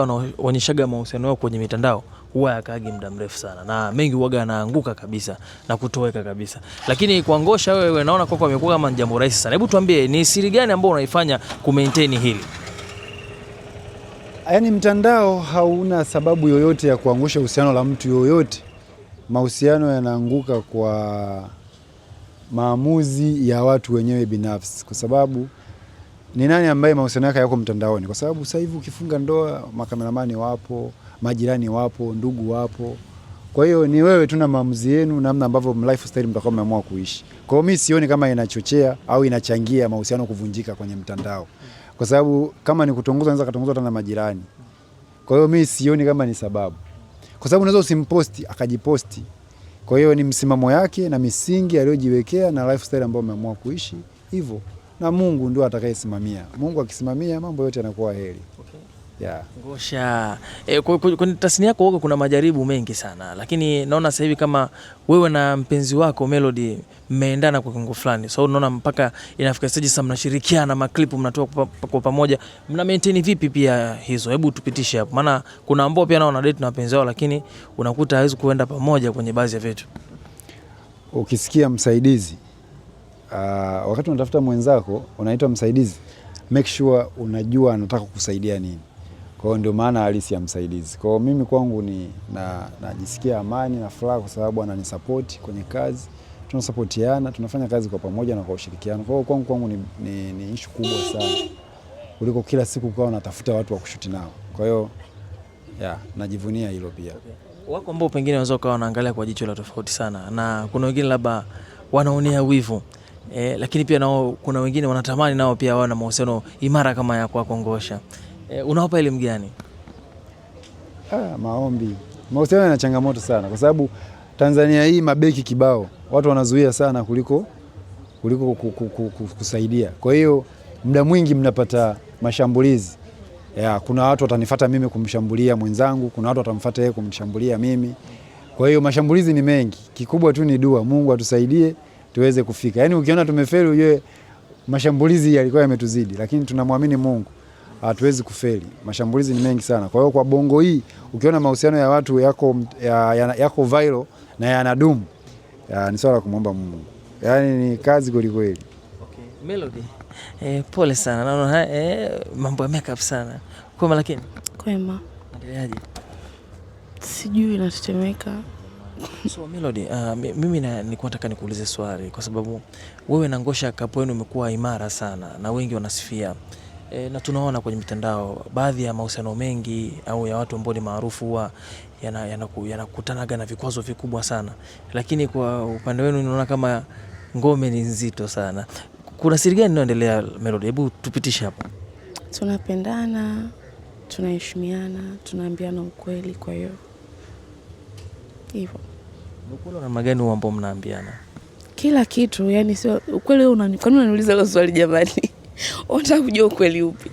wanaonyeshaga mahusiano yao kwenye mitandao huwa yakaagi muda mrefu sana, na mengi huwaga yanaanguka kabisa na kutoweka kabisa. Lakini kwa Ngosha wewe, naona kwako amekuwa kama jambo rahisi sana. Hebu tuambie, ni siri gani ambayo unaifanya ku maintain hili? Yaani mtandao hauna sababu yoyote ya kuangusha uhusiano la mtu yoyote. Mahusiano yanaanguka kwa maamuzi ya watu wenyewe binafsi, kwa sababu ni nani ambaye mahusiano yake yako mtandaoni, kwa sababu sasa hivi ukifunga ndoa makameramani wapo, majirani wapo, ndugu wapo. Kwa hiyo ni wewe tu na maamuzi yenu, namna ambavyo lifestyle mtakuwa mmeamua kuishi. Kwa hiyo mimi sioni kama inachochea au inachangia mahusiano kuvunjika kwenye mtandao, kwa sababu kama ni kutongozwa, naweza katongozwa hata na majirani. Kwa hiyo mimi sioni kama ni sababu, kwa sababu unaweza usimposti akajiposti. Kwa hiyo ni msimamo yake na misingi aliyojiwekea na lifestyle ambayo ameamua kuishi hivyo na Mungu ndio atakayesimamia. Mungu akisimamia mambo yote yanakuwa heri. Okay. Yeah. Ngosha, e, eh, kwenye tasnia yako kuna majaribu mengi sana, lakini naona sasa hivi kama wewe na mpenzi wako Melody mmeendana kwa kiwango fulani, so unaona mpaka inafika stage sasa mnashirikiana maklipu mnatoa kwa pamoja, mna maintain vipi pia hizo? Hebu tupitishe hapo, maana kuna ambao pia nao wanadate na wapenzi wao, lakini unakuta hawezi kuenda pamoja kwenye baadhi ya vitu. Ukisikia msaidizi uh, wakati unatafuta mwenzako unaitwa msaidizi, make sure unajua anataka kukusaidia nini. Kwa hiyo ndio maana halisi ya msaidizi. Kwa hiyo mimi kwangu ni najisikia amani na furaha kwa sababu ananisapoti kwenye kazi, tunasapotiana, tunafanya kazi kwa pamoja na kwa ushirikiano. Kwa hiyo kwangu kwangu ni, ni, ni ishu kubwa sana kuliko kila siku ukawa unatafuta watu wa kushuti nao. Kwa hiyo ya najivunia hilo pia. Wako ambao pengine wanaweza kuwa wanaangalia kwa jicho la tofauti sana, na kuna wengine labda wanaonea wivu e, lakini pia nao kuna wengine wanatamani nao pia wawe na mahusiano imara kama ya kwa Kongosha. E, eh, unawapa elimu gani? Ah, maombi. Mahusiano yana changamoto sana kwa sababu Tanzania hii mabeki kibao, watu wanazuia sana kuliko kuliko kusaidia. Kwa hiyo muda mwingi mnapata mashambulizi ya, kuna watu watanifata mimi kumshambulia mwenzangu, kuna watu watamfuata yeye kumshambulia mimi. Kwa hiyo mashambulizi ni mengi, kikubwa tu ni dua, Mungu atusaidie tuweze kufika. Yaani ukiona tumefeli ujue mashambulizi yalikuwa yametuzidi, lakini tunamwamini Mungu hatuwezi kufeli. Mashambulizi ni mengi sana. Kwa hiyo kwa Bongo hii ukiona mahusiano ya watu yako, ya, ya, yako viral na yanadumu ya, ni swala la kumwomba Mungu, yaani ni kazi kwelikweli. Okay. Melody, eh, pole sana naona eh, mambo ya makeup sana. Kwema lakini kwema, endeleaje? Sijui natetemeka. So Melody, uh, mimi nilikuwa nataka nikuulize swali kwa sababu wewe na Ngosha yenu imekuwa imara sana na wengi wanasifia e, na tunaona kwenye mitandao baadhi ya mahusiano mengi au ya watu ambao ni maarufu huwa yanakutanaga yana, yana na vikwazo vikubwa sana, lakini kwa upande wenu naona kama ngome ni nzito sana. Kuna siri gani inayoendelea Melody? Hebu tupitishe hapa. Tunapendana, tunaheshimiana, tunaambiana ukweli, kwa hiyo hivyo. Ukweli na namna gani ambao mnaambiana kila kitu, yani sio ukweli. Wewe unani nini unaniuliza hilo swali jamani? unataka kujua ukweli upi?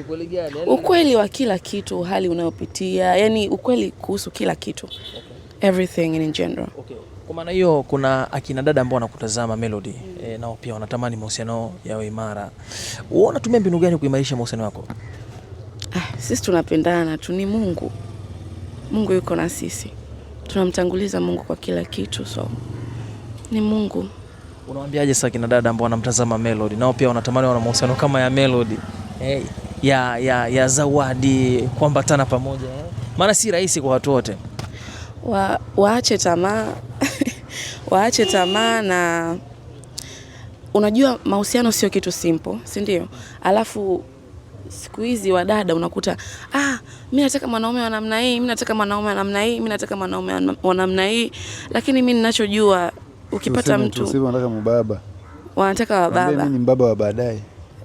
Ukweli gani? Ukweli wa kila kitu, hali unayopitia, yani ukweli kuhusu kila kitu. Okay. Everything in general. Okay. Kwa maana hiyo kuna akina dada ambao wanakutazama Melody, mm. E, nao pia wanatamani mahusiano yao imara. Wewe unatumia mbinu gani kuimarisha mahusiano yako? Ah, sisi tunapendana tu, ni Mungu. Mungu yuko na sisi tunamtanguliza Mungu kwa kila kitu, so ni Mungu. Unawaambiaje sasa kina dada ambao wanamtazama Melody, nao pia wanatamani wana mahusiano kama ya Melody hey, eh, ya, ya, ya Zawadi kuambatana pamoja eh? Maana si rahisi kwa watu wote wa, waache tamaa waache tamaa na unajua mahusiano sio kitu simple, si ndio? Alafu siku hizi wadada unakuta ah, mimi nataka mwanaume wa namna hii, mimi nataka mwanaume wa namna hii, mimi nataka mwanaume wa namna hii, lakini mimi ninachojua ukipata mtu sisi wanataka mbaba, wanataka wababa. Mimi ni mbaba wa baadaye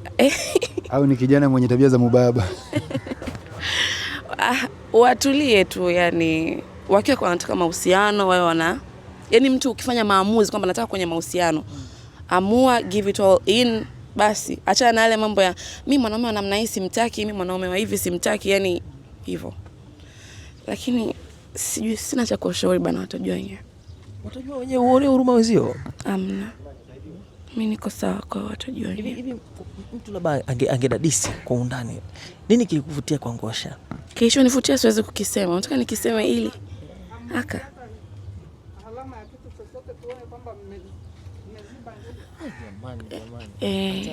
au ni kijana mwenye tabia za mubaba ah, watulie tu yani, wakiwa wanataka mahusiano wao wana yani, mtu ukifanya maamuzi kwamba nataka kwenye mahusiano, amua give it all in basi achana na yale mambo ya mimi mwanaume wa namna hii simtaki, mimi mwanaume wa hivi simtaki, yani hivyo. Lakini sijui, sina cha kushauri bana, watajua wenyewe. Watajua wenyewe, uone huruma wenzio. Amna. Mimi niko sawa kwa watajua wenyewe. Hivi mtu labda angedadisi kwa undani. Nini kilikuvutia kwa Ngosha? Kilichonivutia siwezi kukisema. Nataka nikisema ili aka Eh.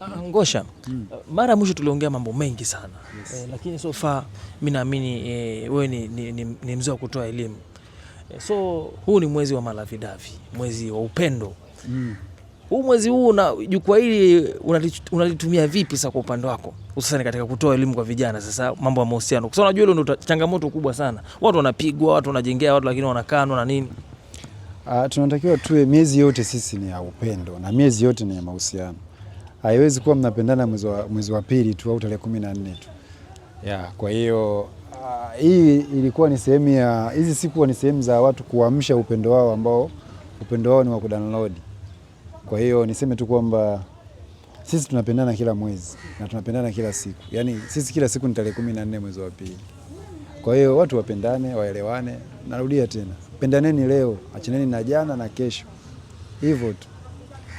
Ah, ah, Ngosha, hmm. Mara ya mwisho tuliongea mambo mengi sana yes. E, lakini so far mi naamini e, wewe ni, ni, ni, ni mzee wa kutoa elimu e, so huu ni mwezi wa Malavidavi, mwezi wa upendo mm. Huu mwezi huu na jukwaa hili unalitumia vipi sasa kwa upande wako, hususani katika kutoa elimu kwa vijana, sasa mambo ya mahusiano, kwa sababu unajua hilo ndio changamoto kubwa sana. Watu wanapigwa, watu wanajengea watu, lakini wanakanwa na nini Uh, tunatakiwa tuwe miezi yote sisi ni ya upendo na miezi yote ni ya mahusiano. Haiwezi kuwa mnapendana mwezi wa pili tu au tarehe kumi na nne tu. Yeah, kwa hiyo uh, hii ilikuwa ni sehemu ya hizi siku ni sehemu za watu kuamsha upendo wao ambao upendo wao ni wa kudownload. Kwa hiyo niseme tu kwamba sisi tunapendana kila mwezi na tunapendana kila siku, yaani sisi kila siku ni tarehe kumi na nne mwezi wa pili. Kwa hiyo watu wapendane, waelewane. Narudia tena pendaneni leo, achaneni na jana na kesho, hivyo tu.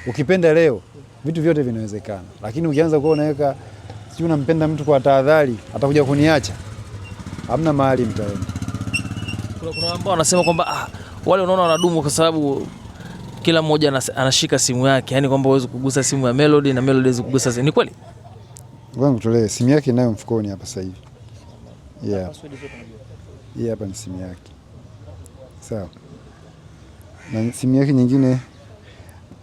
Ukipenda leo vitu vyote vinawezekana, lakini ukianza kuwa unaweka sijui unampenda mtu kwa tahadhari, atakuja kuniacha, hamna mahali mtaenda. Kuna, kuna ambao wanasema kwamba ah, wale unaona wanadumu kwa sababu kila mmoja anashika simu yake, yani kwamba uweze kugusa simu ya Melody na Melody uweze kugusa simu. Ni kweli? nikutolee simu yake, nayo mfukoni hapa sasa hivi. Yeah, hapa ni simu yake sawa. Na simu yake nyingine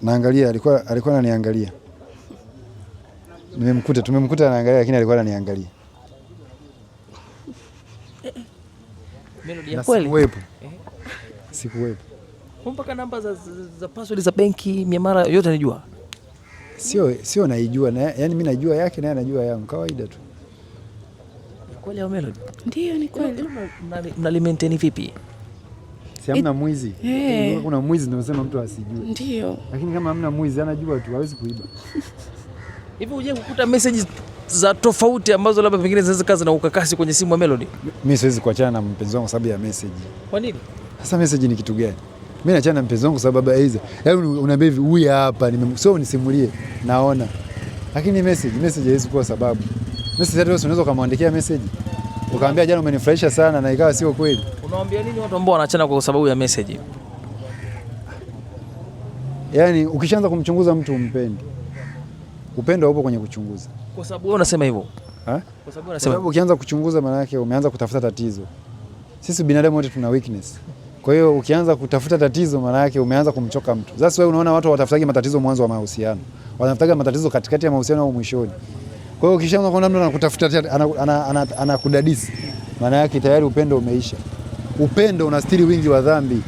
naangalia, alikuwa alikuwa ananiangalia, nimemkuta, tumemkuta anaangalia, lakini alikuwa ananiangalia na sikuwepo, eh? sikuwepo mpaka namba za, za password za benki miamara yote anijua, sio sio, naijua na, yani mimi najua yake naye anajua yangu, kawaida tu. Kweli au Melody? Ndio, ni kweli. Mnali maintain vipi? si hamna mwizi. Hey. Yaani kuna mwizi ndio mtu asijue. Ndio. Lakini kama hamna mwizi anajua tu, hawezi kuiba. Hivi uje kukuta message za tofauti ambazo labda pengine zinaweza kaza na ukakasi kwenye simu ya Melody. Mimi siwezi kuachana na mpenzi wangu sababu ya message. Kwa nini? Sasa message ni kitu gani? Mimi naachana na mpenzi wangu sababu aiza. Yaani unaambia hivi huyu hapa nimemsoma unisimulie naona. Lakini message, message haiwezi kuwa sababu. Message hata unaweza ukamwandikia message. Ukamwambia jana umenifurahisha sana na ikawa sio kweli. Unawaambia nini watu ambao wanaachana kwa sababu ya message? Yaani ukishaanza kumchunguza mtu umpendi. Upendo upo kwenye kuchunguza. Kwa sababu wewe unasema hivyo. Ha? Kwa sababu unasema sababu Ukianza kuchunguza maana yake umeanza kutafuta tatizo. Sisi binadamu wote tuna weakness. Kwa hiyo ukianza kutafuta tatizo maana yake umeanza kumchoka mtu. Sasa wewe unaona watu watafutaga matatizo mwanzo wa mahusiano. Wanatafutaga matatizo katikati ya mahusiano au mwishoni. Kwa hiyo ukishaanza kuona mtu anakutafuta anakudadisi, ana, ana, ana, ana maana yake tayari upendo umeisha. Upendo unastiri wingi wa dhambi.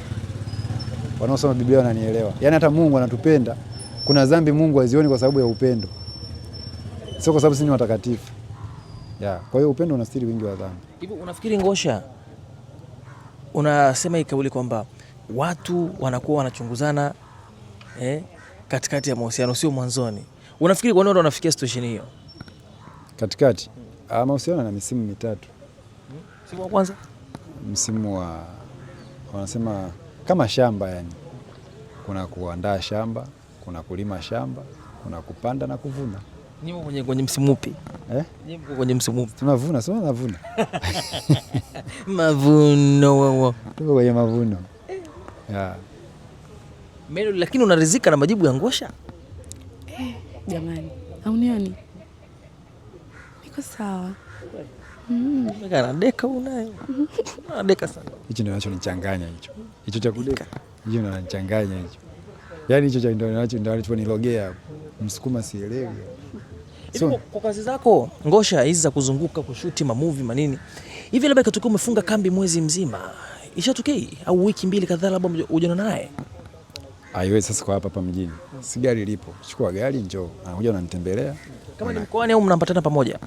Wanaosoma Biblia wananielewa. Yaani hata Mungu anatupenda. Kuna dhambi Mungu hazioni kwa sababu ya upendo, sio kwa sababu sisi ni watakatifu. Yeah. Kwa hiyo upendo unastiri wingi wa dhambi. Hivi unafikiri Ngosha, unasema hii kauli kwamba watu wanakuwa wanachunguzana eh, katikati ya mahusiano, sio mwanzoni. Unafikiri kwa nini wanafikia situation hiyo katikati? Hmm. mahusiano na misimu mitatu. Hmm. Simu ya kwanza msimu wa wanasema kama shamba yani, kuna kuandaa shamba, kuna kulima shamba, kuna kupanda na kuvuna. Nyinyi kwenye kwenye msimu upi? Eh? Nyinyi kwenye msimu upi? Tunavuna, sio tunavuna. Mavuno wao. Tuko kwenye mavuno. Yeah. Melo, lakini unarizika na majibu ya Ngosha? Eh, jamani. Haunioni? Niko sawa. Anadeka unayo. Anadeka sana. Hicho ndio hicho. Hicho cha kudeka. Hicho ndio hicho. Yaani hicho ndio Msukuma sielewi. So, kwa kazi zako ngosha hizi za kuzunguka kushuti mamuvi manini hivi, labda ikatokea umefunga kambi mwezi mzima, ishatokea au wiki mbili kadhaa, labda ujana naye aiwe. Sasa kwa hapa hapa mjini si gari lipo, chukua gari, njoo, anakuja ananitembelea. Kama ni mkoani au mnapatana pamoja,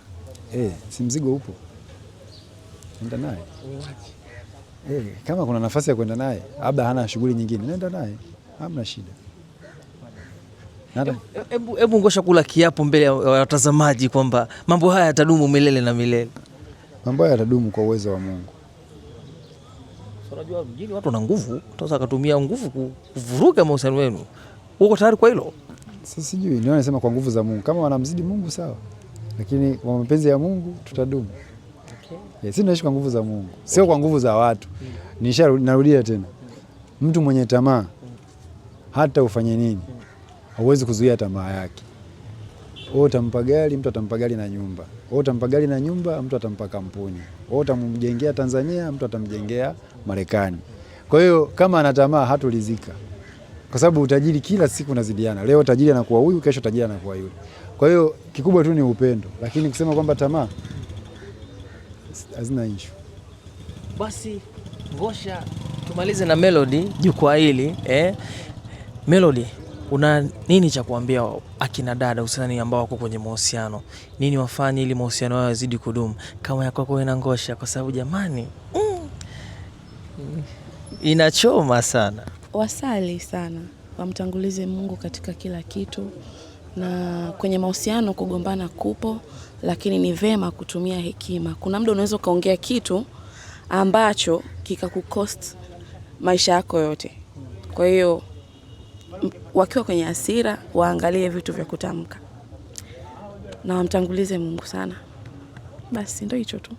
eh, si mzigo upo nenda naye eh, kama kuna nafasi ya kwenda naye, labda hana shughuli nyingine, nenda naye, hamna shida. Hebu ngosha kula kiapo mbele ya watazamaji kwamba mambo haya yatadumu milele na milele. Mambo haya yatadumu kwa uwezo wa Mungu. Unajua mjini watu wana nguvu, tunaweza kutumia nguvu kuvuruga mahusiano wenu. Uko tayari kwa hilo? Sijui, niona nasema kwa nguvu za Mungu. Kama wanamzidi Mungu sawa, lakini kwa mapenzi ya Mungu tutadumu. Yeah, si naishi kwa nguvu za Mungu, sio kwa nguvu za watu. Nisha narudia tena, mtu mwenye tamaa hata ufanye nini, hauwezi kuzuia tamaa yake. Wewe utampa gari, mtu atampa gari na nyumba. Wewe utampa gari na nyumba, mtu atampa kampuni. Wewe utamjengea Tanzania, mtu atamjengea Marekani. Kwa hiyo kama ana tamaa hatulizika, kwa sababu utajiri kila siku unazidiana. Leo tajiri anakuwa huyu, kesho tajiri anakuwa yule. Kwa hiyo kikubwa tu ni upendo, lakini kusema kwamba tamaa hazina ishu. Basi Ngosha, tumalize na Melody jukwaa hili eh. Melody, una nini cha kuambia akina dada hususani ambao wako kwenye mahusiano? Nini wafanye ili mahusiano yao yazidi kudumu kama ya kwako ina Ngosha? Kwa sababu jamani, mm, inachoma sana. Wasali sana, wamtangulize Mungu katika kila kitu, na kwenye mahusiano kugombana kupo lakini ni vema kutumia hekima. Kuna muda unaweza ukaongea kitu ambacho kikakukost maisha yako yote. Kwa hiyo wakiwa kwenye hasira, waangalie vitu vya kutamka na wamtangulize Mungu sana. Basi ndio hicho tu.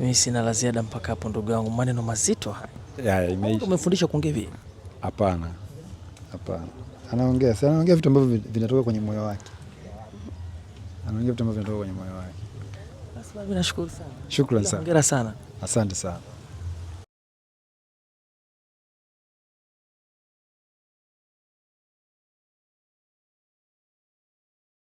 Mimi sina la ziada mpaka hapo, ndugu yangu. Maneno mazito umefundisha kuongea hivi? Hapana, hapana, anaongea anaongea vitu ambavyo vinatoka kwenye moyo wake anaonyesha vitu ambavyo vinatoka kwenye moyo wake. Basi mimi nashukuru sana. Shukrani sana. Hongera sana. Asante sana.